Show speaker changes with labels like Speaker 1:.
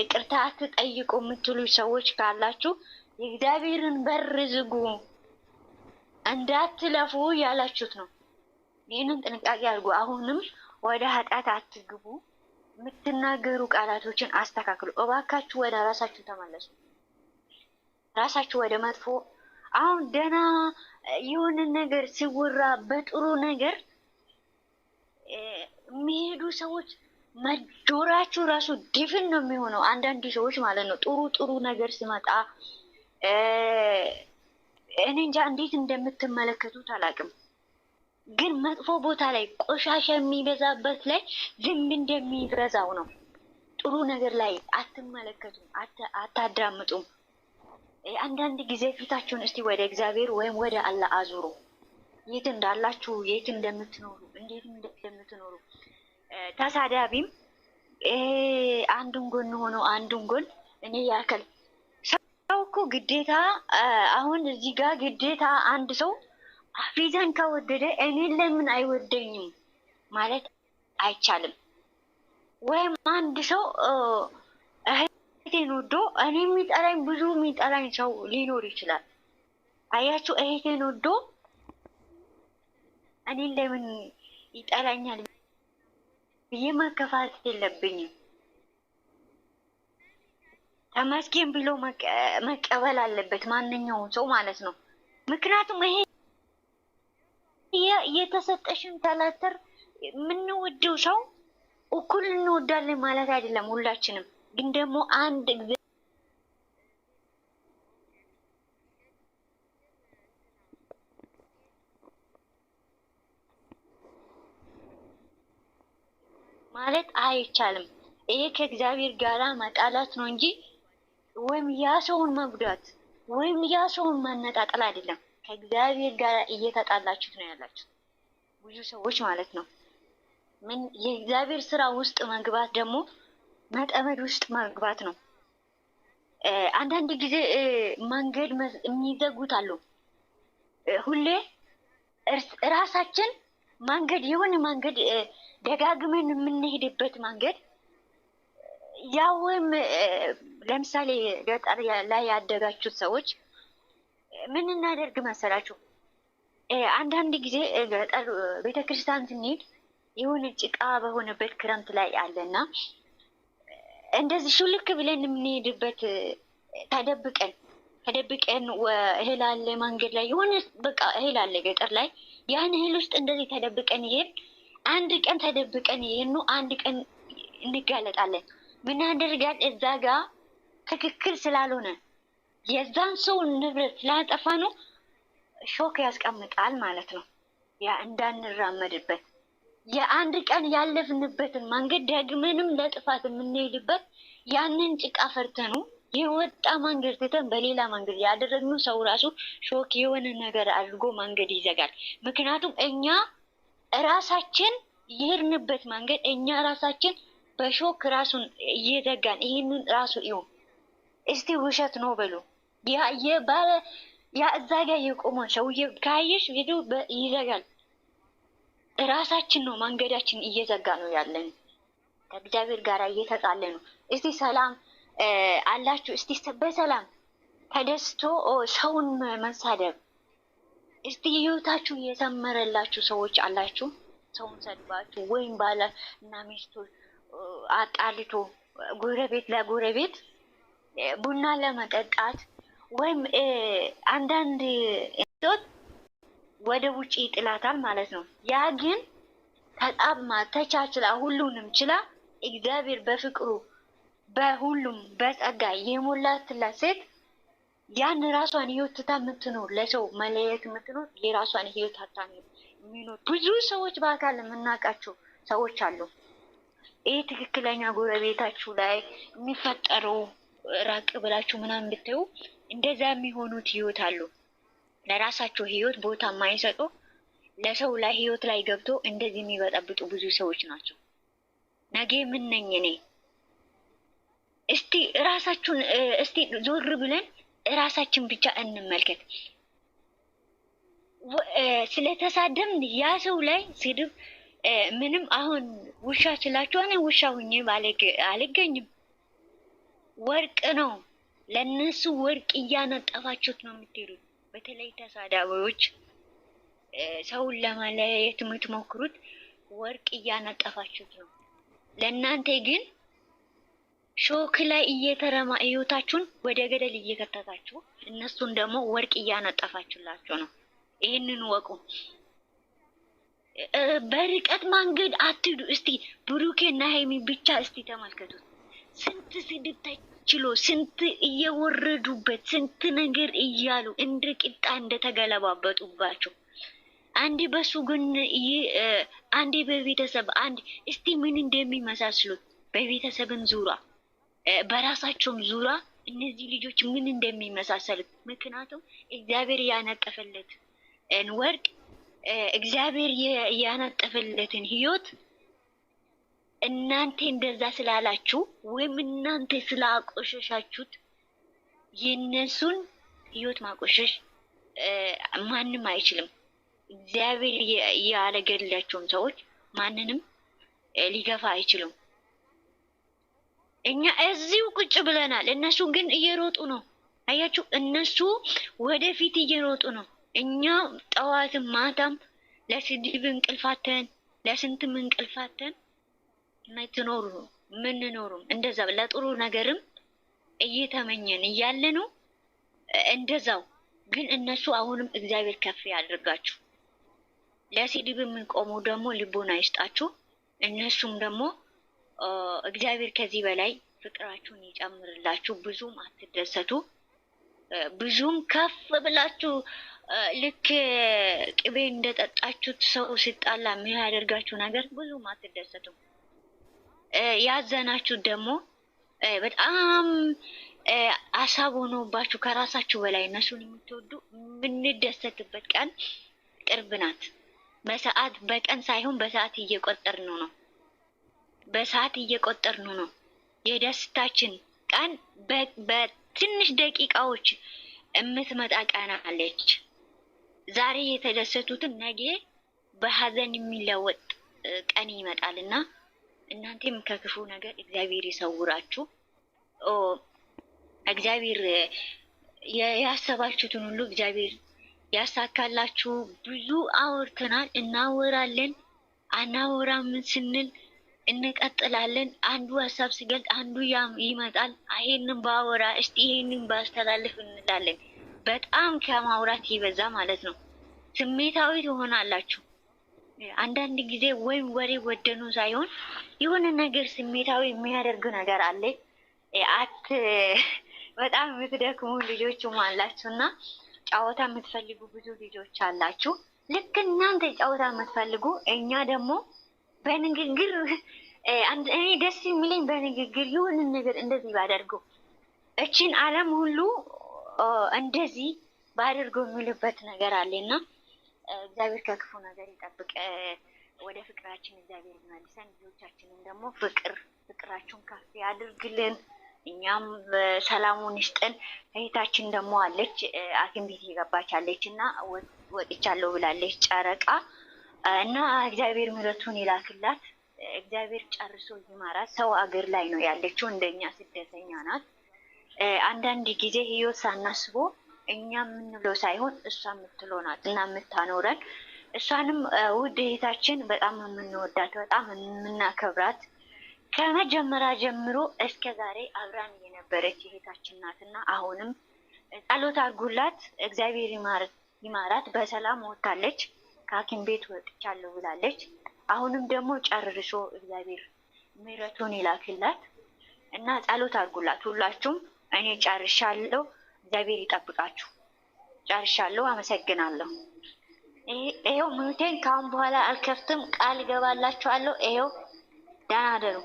Speaker 1: ይቅርታ አትጠይቁ የምትሉ ሰዎች ካላችሁ የእግዚአብሔርን በር ዝጉ፣ እንዳትለፉ ያላችሁት ነው። ይህንን ጥንቃቄ አድርጉ። አሁንም ወደ ኃጢአት አትግቡ። የምትናገሩ ቃላቶችን አስተካክሉ። እባካችሁ ወደ ራሳችሁ ተመለሱ። ራሳችሁ ወደ መጥፎ አሁን ደህና የሆነ ነገር ሲወራ በጥሩ ነገር የሚሄዱ ሰዎች መጆራችሁ ራሱ ድፍን ነው የሚሆነው። አንዳንድ ሰዎች ማለት ነው ጥሩ ጥሩ ነገር ሲመጣ እኔ እንጃ እንዴት እንደምትመለከቱት አላውቅም፣ ግን መጥፎ ቦታ ላይ ቆሻሻ የሚበዛበት ላይ ዝንብ እንደሚበዛው ነው። ጥሩ ነገር ላይ አትመለከቱም፣ አታዳምጡም። አንዳንድ ጊዜ ፊታችሁን እስቲ ወደ እግዚአብሔር ወይም ወደ አላህ አዙሩ። የት እንዳላችሁ፣ የት እንደምትኖሩ፣ እንዴት እንደምትኖሩ ተሳዳቢም አንዱን ጎን ሆኖ አንዱን ጎን እኔ ያክል ሰው እኮ ግዴታ አሁን እዚህ ጋር ግዴታ አንድ ሰው አፍሪዛን ከወደደ እኔን ለምን አይወደኝም ማለት አይቻልም። ወይም አንድ ሰው እህቴን ወዶ እኔ የሚጠላኝ ብዙ የሚጠላኝ ሰው ሊኖር ይችላል። አያችሁ፣ እህቴን ወዶ እኔን ለምን ይጠላኛል ብዬ መከፋት የለብኝም። ተመስገን ብሎ መቀበል አለበት ማንኛውም ሰው ማለት ነው። ምክንያቱም ይሄ የተሰጠሽን ተላተር የምንወደው ሰው እኩል እንወዳለን ማለት አይደለም። ሁላችንም ግን ደግሞ አንድ ማለት አይቻልም። ይሄ ከእግዚአብሔር ጋር መጣላት ነው እንጂ ወይም ያ ሰውን መጉዳት ወይም ያ ሰውን ማነጣጠል አይደለም። ከእግዚአብሔር ጋር እየተጣላችሁት ነው ያላችሁ ብዙ ሰዎች ማለት ነው። ምን የእግዚአብሔር ስራ ውስጥ መግባት ደግሞ መጠመድ ውስጥ መግባት ነው። አንዳንድ ጊዜ መንገድ የሚዘጉት አሉ። ሁሌ ራሳችን መንገድ የሆነ መንገድ ደጋግመን የምንሄድበት መንገድ ያ ወይም ለምሳሌ ገጠር ላይ ያደጋችሁት ሰዎች ምን እናደርግ መሰላችሁ? አንዳንድ ጊዜ ገጠር ቤተክርስቲያን ስንሄድ የሆነ ጭቃ በሆነበት ክረምት ላይ አለና እንደዚህ ሹልክ ብለን የምንሄድበት ተደብቀን ተደብቀን እህል አለ መንገድ ላይ የሆነ በቃ እህል አለ ገጠር ላይ ያን እህል ውስጥ እንደዚህ ተደብቀን ይሄን አንድ ቀን ተደብቀን ይሄኑ አንድ ቀን እንጋለጣለን። ምናደርጋል እዛ ጋ ትክክል ስላልሆነ የዛን ሰው ንብረት ስላጠፋ ነው ሾክ ያስቀምጣል ማለት ነው። ያ እንዳንራመድበት የአንድ ቀን ያለፍንበትን መንገድ ደግመንም ለጥፋት የምንሄድበት ያንን ጭቃ ፈርተኑ የወጣ መንገድ ትተን በሌላ መንገድ ያደረግነው ሰው ራሱ ሾክ የሆነ ነገር አድርጎ መንገድ ይዘጋል። ምክንያቱም እኛ ራሳችን የሄድንበት መንገድ እኛ ራሳችን በሾክ ራሱን እየዘጋን ይህንን ራሱ ይሁን እስቲ ውሸት ነው በሉ የባለ ያ እዛ ጋር የቆመን ሰውዬ ካየሽ ቪዲዮ ይዘጋል። ራሳችን ነው መንገዳችን እየዘጋ ነው ያለን ከእግዚአብሔር ጋር እየተጣለ ነው። እስቲ ሰላም አላችሁ። እስቲ በሰላም ተደስቶ ሰውን መሳደብ እስቲ ህይወታችሁ የሰመረላችሁ ሰዎች አላችሁ። ሰውን ሰድባችሁ ወይም ባለ እና ሚስቱ አጣልቶ ጎረቤት ለጎረቤት ቡና ለመጠጣት ወይም አንዳንድ ቶት ወደ ውጭ ይጥላታል ማለት ነው። ያ ግን ተጣብማ ተቻችላ ሁሉንም ችላ እግዚአብሔር በፍቅሩ በሁሉም በጸጋ የሞላትላት ሴት ያን ራሷን ህይወት ትታ የምትኖር ለሰው መለየት የምትኖር የራሷን ህይወት አታ የሚኖር ብዙ ሰዎች በአካል የምናውቃቸው ሰዎች አሉ። ይህ ትክክለኛ ጎረቤታችሁ ላይ የሚፈጠረው ራቅ ብላችሁ ምናምን ብትዩ እንደዛ የሚሆኑት ህይወት አሉ። ለራሳቸው ህይወት ቦታ የማይሰጡ ለሰው ላይ ህይወት ላይ ገብቶ እንደዚህ የሚበጠብጡ ብዙ ሰዎች ናቸው። ነገ ምን ነኝ እኔ እስቲ ራሳችሁን እስቲ ዞር ብለን ራሳችን ብቻ እንመልከት። ስለተሳደብን ያ ሰው ላይ ስድብ ምንም አሁን ውሻ ስላችሁ እኔ ውሻ ሁኜ አልገኝም። ወርቅ ነው ለእነሱ ወርቅ እያነጠፋችሁት ነው የምትሄዱት። በተለይ ተሳዳቢዎች ሰውን ለማለያየት የምትሞክሩት ወርቅ እያነጠፋችሁት ነው። ለእናንተ ግን ሾክ ላይ እየተረማ ህይወታችሁን ወደ ገደል እየከተታችሁ እነሱን ደግሞ ወርቅ እያነጠፋችሁላቸው ነው። ይህንን ወቁ። በርቀት መንገድ አትሂዱ። እስቲ እና ሀይሚ ብቻ እስቲ ተመልከቱት። ስንት ስድብ ተችሎ፣ ስንት እየወረዱበት፣ ስንት ነገር እያሉ እንደ ቂጣ እንደተገለባበጡባቸው አንዴ በሱ ግን አንዴ በቤተሰብ አንድ እስቲ ምን እንደሚመሳስሉት በቤተሰብን ዙራ በራሳቸውም ዙራ እነዚህ ልጆች ምን እንደሚመሳሰሉት ምክንያቱም እግዚአብሔር ያነጠፈለትን ወርቅ እግዚአብሔር ያነጠፈለትን ህይወት እናንተ እንደዛ ስላላችሁ ወይም እናንተ ስላቆሸሻችሁት የእነሱን ህይወት ማቆሸሽ ማንም አይችልም። እግዚአብሔር ያደረገላቸውን ሰዎች ማንንም ሊገፋ አይችልም። እኛ እዚሁ ቁጭ ብለናል። እነሱ ግን እየሮጡ ነው። አያችሁ፣ እነሱ ወደፊት እየሮጡ ነው። እኛ ጠዋትም ማታም ለስድብ እንቅልፋተን ለስንትም እንቅልፋተን ምትኖሩ ምንኖሩም እንደዛ ለጥሩ ነገርም እየተመኘን እያለ ነው እንደዛው። ግን እነሱ አሁንም እግዚአብሔር ከፍ ያድርጋችሁ። ለስድብ የሚቆሙ ደግሞ ልቦና ይስጣችሁ። እነሱም ደግሞ እግዚአብሔር ከዚህ በላይ ፍቅራችሁን ይጨምርላችሁ። ብዙም አትደሰቱ፣ ብዙም ከፍ ብላችሁ ልክ ቅቤ እንደጠጣችሁት ሰው ሲጣላ የሚያደርጋችሁ ነገር ብዙም አትደሰቱ። ያዘናችሁ ደግሞ በጣም አሳብ ሆኖባችሁ ከራሳችሁ በላይ እነሱን የምትወዱ የምንደሰትበት ቀን ቅርብ ናት። በሰዓት በቀን ሳይሆን በሰዓት እየቆጠርን ነው ነው በሰዓት እየቆጠርን ነው። የደስታችን ቀን በትንሽ ደቂቃዎች የምትመጣ ቀን አለች። ዛሬ የተደሰቱትን ነገ በሀዘን የሚለወጥ ቀን ይመጣል እና እናንተም ከክፉ ነገር እግዚአብሔር ይሰውራችሁ። እግዚአብሔር ያሰባችሁትን ሁሉ እግዚአብሔር ያሳካላችሁ። ብዙ አውርተናል፣ እናወራለን፣ አናወራም ስንል እንቀጥላለን። አንዱ ሀሳብ ሲገልጥ አንዱ ያም ይመጣል። ይሄንን ባወራ እስቲ ይሄንን ባስተላልፍ እንላለን። በጣም ከማውራት ይበዛ ማለት ነው። ስሜታዊ ትሆናላችሁ። አንዳንድ ጊዜ ወይም ወሬ ወደኑ ሳይሆን የሆነ ነገር ስሜታዊ የሚያደርግ ነገር አለ። አት በጣም የምትደክሙ ልጆችም አላችሁ እና ጨዋታ የምትፈልጉ ብዙ ልጆች አላችሁ። ልክ እናንተ ጨዋታ የምትፈልጉ እኛ ደግሞ በንግግር እኔ ደስ የሚለኝ በንግግር ይሁንን ነገር እንደዚህ ባደርገው እችን ዓለም ሁሉ እንደዚህ ባደርገው የሚልበት ነገር አለ እና እግዚአብሔር ከክፉ ነገር ይጠብቅ። ወደ ፍቅራችን እግዚአብሔር ይመልሰን። ልጆቻችንን ደግሞ ፍቅር ፍቅራችሁን ከፍ ያድርግልን። እኛም ሰላሙን ይስጠን። እህታችን ደግሞ አለች ሐኪም ቤት የገባች አለች እና ወጥቻለሁ ብላለች ጨረቃ እና እግዚአብሔር ምሕረቱን ይላክላት። እግዚአብሔር ጨርሶ ይማራት። ሰው አገር ላይ ነው ያለችው፣ እንደኛ ስደተኛ ናት። አንዳንድ ጊዜ ህይወት ሳናስቦ እኛ የምንለው ሳይሆን እሷ የምትለው እና የምታኖረን። እሷንም ውድ እህታችን በጣም የምንወዳት በጣም የምናከብራት ከመጀመሪያ ጀምሮ እስከ ዛሬ አብራን የነበረች እህታችን ናት እና አሁንም ጸሎት አድርጉላት። እግዚአብሔር ይማራት። በሰላም ወታለች። ከሐኪም ቤት ወጥቻለሁ ብላለች። አሁንም ደግሞ ጨርሶ እግዚአብሔር ምሕረቱን ይላክላት እና ጸሎት አድርጉላት ሁላችሁም። እኔ ጨርሻለሁ። እግዚአብሔር ይጠብቃችሁ። ጨርሻለሁ። አመሰግናለሁ። ይሄው ምኑቴን ከአሁን በኋላ አልከፍትም። ቃል እገባላችኋለሁ። ይሄው ደህና አደሩ።